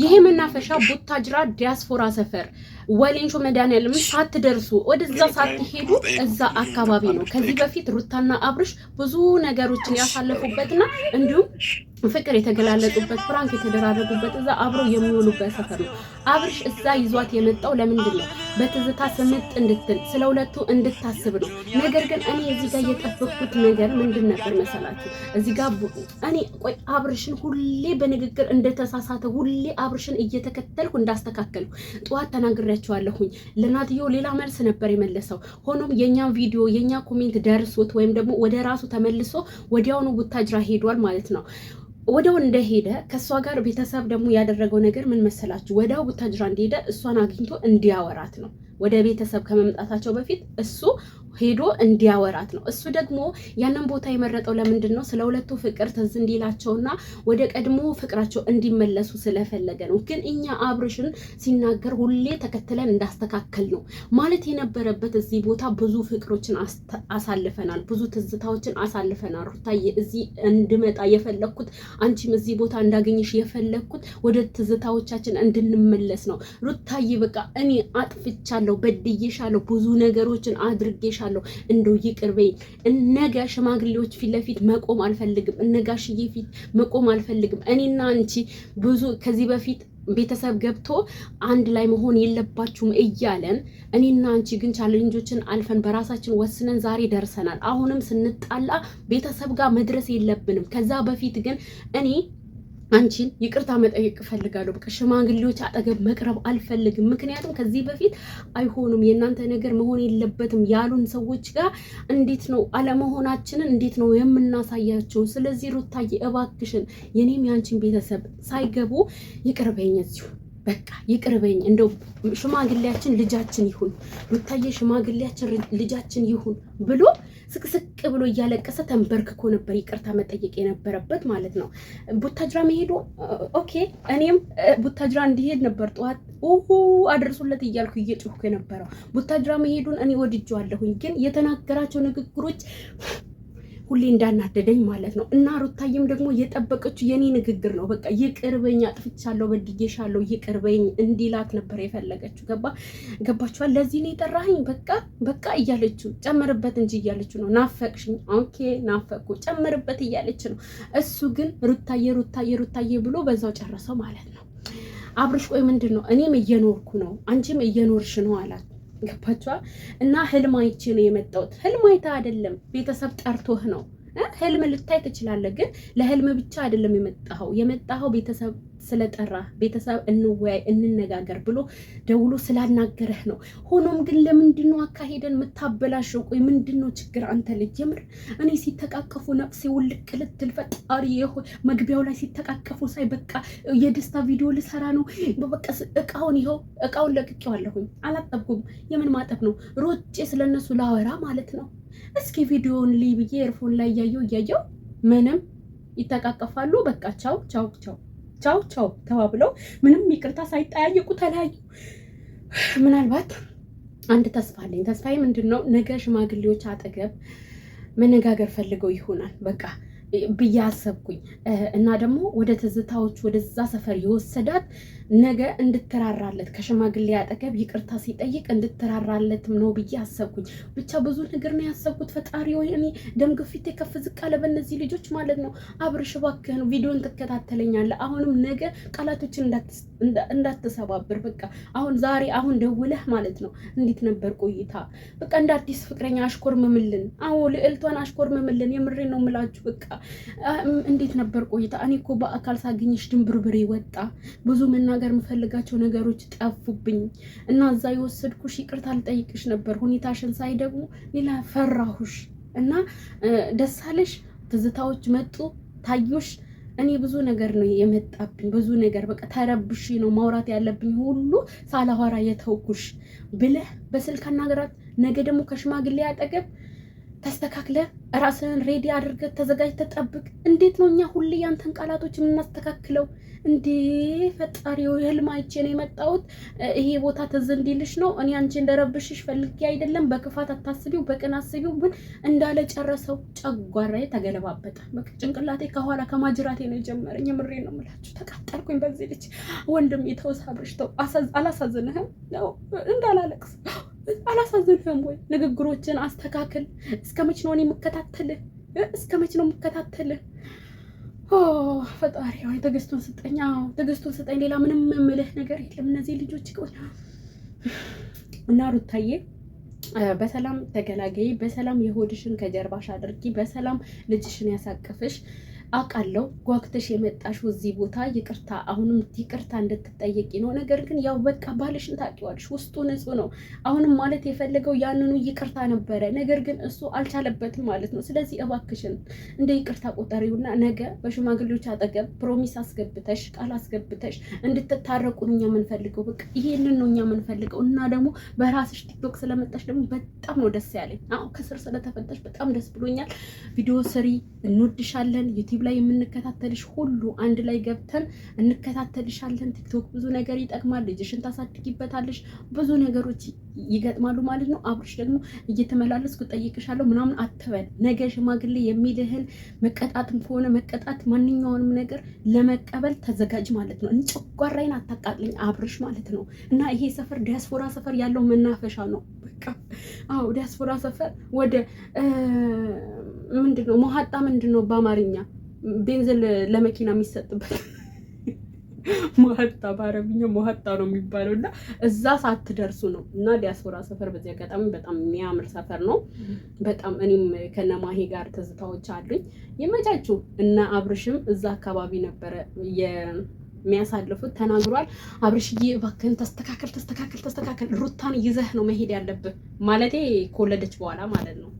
ይሄ መናፈሻ ቡታጅራ ዲያስፖራ ሰፈር ወሌንሾ መድኃኒዓለም ሳትደርሱ ወደዛ ሳትሄዱ እዛ አካባቢ ነው። ከዚህ በፊት ሩታና አብርሽ ብዙ ነገሮችን ያሳለፉበትና እንዲሁም ፍቅር የተገላለጡበት ፍራንክ የተደራረጉበት እዛ አብረው የሚውሉበት ሰፈር ነው። አብርሽ እዛ ይዟት የመጣው ለምንድን ነው? በትዝታ ስምጥ እንድትል ስለ ሁለቱ እንድታስብ ነው። ነገር ግን እኔ እዚህ ጋር የጠበቅኩት ነገር ምንድን ነበር መሰላችሁ? እዚህ ጋር እኔ ቆይ አብርሽን ሁሌ በንግግር እንደተሳሳተ ሁሌ አብርሽን እየተከተልኩ እንዳስተካከልኩ ጠዋት ተናግሬያቸዋለሁኝ። ለናትዮ ሌላ መልስ ነበር የመለሰው። ሆኖም የእኛ ቪዲዮ የእኛ ኮሜንት ደርሶት ወይም ደግሞ ወደ ራሱ ተመልሶ ወዲያውኑ ቡታጅራ ሄዷል ማለት ነው። ወደው እንደሄደ ከእሷ ጋር ቤተሰብ ደግሞ ያደረገው ነገር ምን መሰላችሁ? ወደው ቡታጅራ እንደሄደ እሷን አግኝቶ እንዲያወራት ነው። ወደ ቤተሰብ ከመምጣታቸው በፊት እሱ ሄዶ እንዲያወራት ነው። እሱ ደግሞ ያንን ቦታ የመረጠው ለምንድን ነው? ስለ ሁለቱ ፍቅር ትዝ እንዲላቸውና ወደ ቀድሞ ፍቅራቸው እንዲመለሱ ስለፈለገ ነው። ግን እኛ አብርሽን ሲናገር ሁሌ ተከትለን እንዳስተካከል ነው ማለት የነበረበት። እዚህ ቦታ ብዙ ፍቅሮችን አሳልፈናል፣ ብዙ ትዝታዎችን አሳልፈናል። ሩታዬ እዚህ እንድመጣ የፈለግኩት አንቺም እዚህ ቦታ እንዳገኘሽ የፈለግኩት ወደ ትዝታዎቻችን እንድንመለስ ነው። ሩታዬ በቃ እኔ አጥፍቻለሁ አለው፣ በድዬሻለሁ፣ ብዙ ነገሮችን አድርጌሻለሁ፣ እንደው ይቅርበኝ። እነጋ ሽማግሌዎች ፊት ለፊት መቆም አልፈልግም፣ እነጋሽዬ ፊት መቆም አልፈልግም። እኔና አንቺ ብዙ ከዚህ በፊት ቤተሰብ ገብቶ አንድ ላይ መሆን የለባችሁም እያለን እኔና አንቺ ግን ቻለንጆችን አልፈን በራሳችን ወስነን ዛሬ ደርሰናል። አሁንም ስንጣላ ቤተሰብ ጋር መድረስ የለብንም። ከዛ በፊት ግን እኔ አንቺን ይቅርታ መጠየቅ እፈልጋለሁ። በቃ ሽማግሌዎች አጠገብ መቅረብ አልፈልግም። ምክንያቱም ከዚህ በፊት አይሆኑም፣ የእናንተ ነገር መሆን የለበትም ያሉን ሰዎች ጋር እንዴት ነው አለመሆናችንን እንዴት ነው የምናሳያቸው? ስለዚህ ሩታዬ እባክሽን የኔም የአንቺን ቤተሰብ ሳይገቡ ይቅርበኝ በይኝ እዚሁ በቃ ይቅርበኝ። እንደው ሽማግሌያችን ልጃችን ይሁን ሩታዬ፣ ሽማግሌያችን ልጃችን ይሁን ብሎ ስቅስቅ ብሎ እያለቀሰ ተንበርክኮ ነበር ይቅርታ መጠየቅ የነበረበት ማለት ነው። ቡታጅራ መሄዱ ኦኬ። እኔም ቡታጅራ እንዲሄድ ነበር ጠዋት ሁ አድርሱለት እያልኩ እየጮኩ የነበረው ቡታጅራ መሄዱን እኔ ወድጄዋለሁኝ። ግን የተናገራቸው ንግግሮች ሁሌ እንዳናደደኝ ማለት ነው። እና ሩታዬም ደግሞ የጠበቀችው የኔ ንግግር ነው። በቃ ይቅርበኝ፣ አጥፍቻለሁ፣ በድዬሻለሁ፣ ይቅርበኝ እንዲላት ነበር የፈለገችው። ገባ ገባችኋል? ለዚህ ነው የጠራኸኝ፣ በቃ በቃ እያለችው ጨምርበት እንጂ እያለችው ነው። ናፈቅሽኝ፣ ኦኬ ናፈቅኩ፣ ጨምርበት እያለች ነው። እሱ ግን ሩታዬ ሩታዬ ሩታዬ ብሎ በዛው ጨረሰው ማለት ነው። አብርሽ ቆይ ምንድን ነው? እኔም እየኖርኩ ነው፣ አንቺም እየኖርሽ ነው አላት። ገባችኋል? እና ህልም አይቼ ነው የመጣሁት። ህልም አይታ አይደለም ቤተሰብ ጠርቶህ ነው ህልም ልታይ ትችላለህ፣ ግን ለህልም ብቻ አይደለም የመጣኸው። የመጣኸው ቤተሰብ ስለጠራ ቤተሰብ እንወያይ እንነጋገር ብሎ ደውሎ ስላናገረህ ነው። ሆኖም ግን ለምንድን ነው አካሄደን የምታበላሸው? ቆይ ምንድን ነው ችግር? አንተ ልጅ የምር እኔ ሲተቃቀፉ ነፍሴ ውልቅ ልትል ፈጣሪ መግቢያው ላይ ሲተቃቀፉ ሳይ በቃ የደስታ ቪዲዮ ልሰራ ነው። በቃ እቃውን ይኸው እቃውን ለቅቄዋለሁኝ። አላጠብኩም። የምን ማጠብ ነው? ሮጬ ስለነሱ ላወራ ማለት ነው። እስኪ ቪዲዮውን ልይ ብዬ ኤርፎን ላይ እያየው እያየው ምንም ይተቃቀፋሉ። በቃ ቻው ቻው ቻው ቻው ቻው ተባብለው ምንም ይቅርታ ሳይጠያየቁ ተለያዩ። ምናልባት አንድ ተስፋ አለኝ። ተስፋዬ ምንድን ነው ነገ ሽማግሌዎች አጠገብ መነጋገር ፈልገው ይሆናል በቃ ብዬ አሰብኩኝ እና ደግሞ ወደ ትዝታዎች ወደዛ ሰፈር የወሰዳት ነገ እንድትራራለት ከሽማግሌ አጠገብ ይቅርታ ሲጠይቅ እንድትራራለትም ነው ብዬ አሰብኩኝ። ብቻ ብዙ ነገር ነው ያሰብኩት። ፈጣሪ ወይ እኔ ደም ግፊት የከፍ ዝቅ አለ በእነዚህ ልጆች ማለት ነው። አብርሽ እባክህን ቪዲዮን ትከታተለኛለህ። አሁንም ነገ ቃላቶችን እንዳትሰባብር። በቃ አሁን ዛሬ አሁን ደውለህ ማለት ነው እንዴት ነበር ቆይታ? በቃ እንደ አዲስ ፍቅረኛ አሽኮርምምልን። አዎ ልዕልቷን አሽኮርምምልን። የምሬ ነው ምላችሁ በቃ እንዴት ነበር ቆይታ? እኔ እኮ በአካል ሳገኘሽ ድንብርብሬ ወጣ። ብዙ መናገር የምፈልጋቸው ነገሮች ጠፉብኝ እና እዛ የወሰድኩሽ ይቅርታ ልጠይቅሽ ነበር። ሁኔታሽን ሳይ ደግሞ ሌላ ፈራሁሽ እና ደሳለሽ ትዝታዎች መጡ ታዩሽ። እኔ ብዙ ነገር ነው የመጣብኝ፣ ብዙ ነገር በቃ ተረብሽ ነው ማውራት ያለብኝ ሁሉ ሳላወራ የተውኩሽ ብለህ በስልክ አናግራት። ነገ ደግሞ ከሽማግሌ አጠገብ ተስተካክለ ራስህን ሬዲ አድርገ ተዘጋጅተ ጠብቅ። እንዴት ነው እኛ ሁሌ ያንተን ቃላቶች የምናስተካክለው እንዴ? ፈጣሪ ህልም አይቼ ነው የመጣሁት። ይሄ ቦታ ትዝ እንዲልሽ ነው። እኔ አንቺ እንደረብሽሽ ፈልጌ አይደለም። በክፋት አታስቢው፣ በቅን አስቢው። ግን እንዳለ ጨረሰው። ጨጓራዬ ተገለባበጠ። በቃ ጭንቅላቴ ከኋላ ከማጅራቴ ነው የጀመረኝ። የምሬ ነው የምላችሁ። ተቃጠልኩኝ በዚህ ልጅ። ወንድም የተወሳብሽ ተው፣ አላሳዝንህም ነው እንዳላለቅስ አላሳዘንህም ወይ? ንግግሮችን አስተካክል። እስከ መች ነው እኔ የምከታተልህ? እስከ መች ነው የምከታተልህ? ፈጣሪ ሆይ ትዕግስቱን ስጠኝ፣ ትዕግስቱን ስጠኝ። ሌላ ምንም የምልህ ነገር የለም። እነዚህ ልጆች እና ሩታዬ በሰላም ተገላገይ፣ በሰላም የሆድሽን ከጀርባሽ አድርጊ፣ በሰላም ልጅሽን ያሳቅፍሽ። አውቃለሁ ጓግተሽ የመጣሽው እዚህ ቦታ ይቅርታ፣ አሁንም ይቅርታ እንድትጠየቂ ነው። ነገር ግን ያው በቃ ባልሽን ታውቂዋለሽ፣ ውስጡ ንጹህ ነው። አሁንም ማለት የፈለገው ያንኑ ይቅርታ ነበረ፣ ነገር ግን እሱ አልቻለበትም ማለት ነው። ስለዚህ እባክሽን እንደ ይቅርታ ቆጠሪውና ነገ በሽማግሌዎች አጠገብ ፕሮሚስ አስገብተሽ ቃል አስገብተሽ እንድትታረቁ ነው እኛ የምንፈልገው። በቃ ይሄንን ነው እኛ የምንፈልገው። እና ደግሞ በራስሽ ቲክቶክ ስለመጣሽ ደግሞ በጣም ነው ደስ ያለኝ። አሁን ከስር ስለተፈጠሽ በጣም ደስ ብሎኛል። ቪዲዮ ስሪ፣ እንወድሻለን ዩቲብ ላይ የምንከታተልሽ ሁሉ አንድ ላይ ገብተን እንከታተልሻለን። ቲክቶክ ብዙ ነገር ይጠቅማል፣ ልጅሽን ታሳድጊበታለሽ፣ ብዙ ነገሮች ይገጥማሉ ማለት ነው። አብሮሽ ደግሞ እየተመላለስኩ ጠይቅሻለሁ ምናምን አትበል። ነገ ሽማግሌ የሚልህን መቀጣትም ከሆነ መቀጣት፣ ማንኛውንም ነገር ለመቀበል ተዘጋጅ ማለት ነው። እንጨጓራይን አታቃጥለኝ አብርሽ ማለት ነው። እና ይሄ ሰፈር ዲያስፖራ ሰፈር ያለው መናፈሻ ነው። አዎ፣ ዲያስፖራ ሰፈር ወደ ምንድን ነው መሀጣ ምንድን ነው በአማርኛ ቤንዝል ለመኪና የሚሰጥበት ሞሀታ በአረብኛው ሞሀታ ነው የሚባለው እና እዛ ሳትደርሱ ነው። እና ዲያስፖራ ሰፈር በዚህ አጋጣሚ በጣም የሚያምር ሰፈር ነው። በጣም እኔም ከነማሄ ጋር ትዝታዎች አሉኝ። ይመቻችሁ። እና አብርሽም እዛ አካባቢ ነበረ የሚያሳልፉት ተናግሯል። አብርሽዬ እባክህን ተስተካከል፣ ተስተካከል፣ ተስተካከል ሩታን ይዘህ ነው መሄድ ያለብህ። ማለቴ ከወለደች በኋላ ማለት ነው።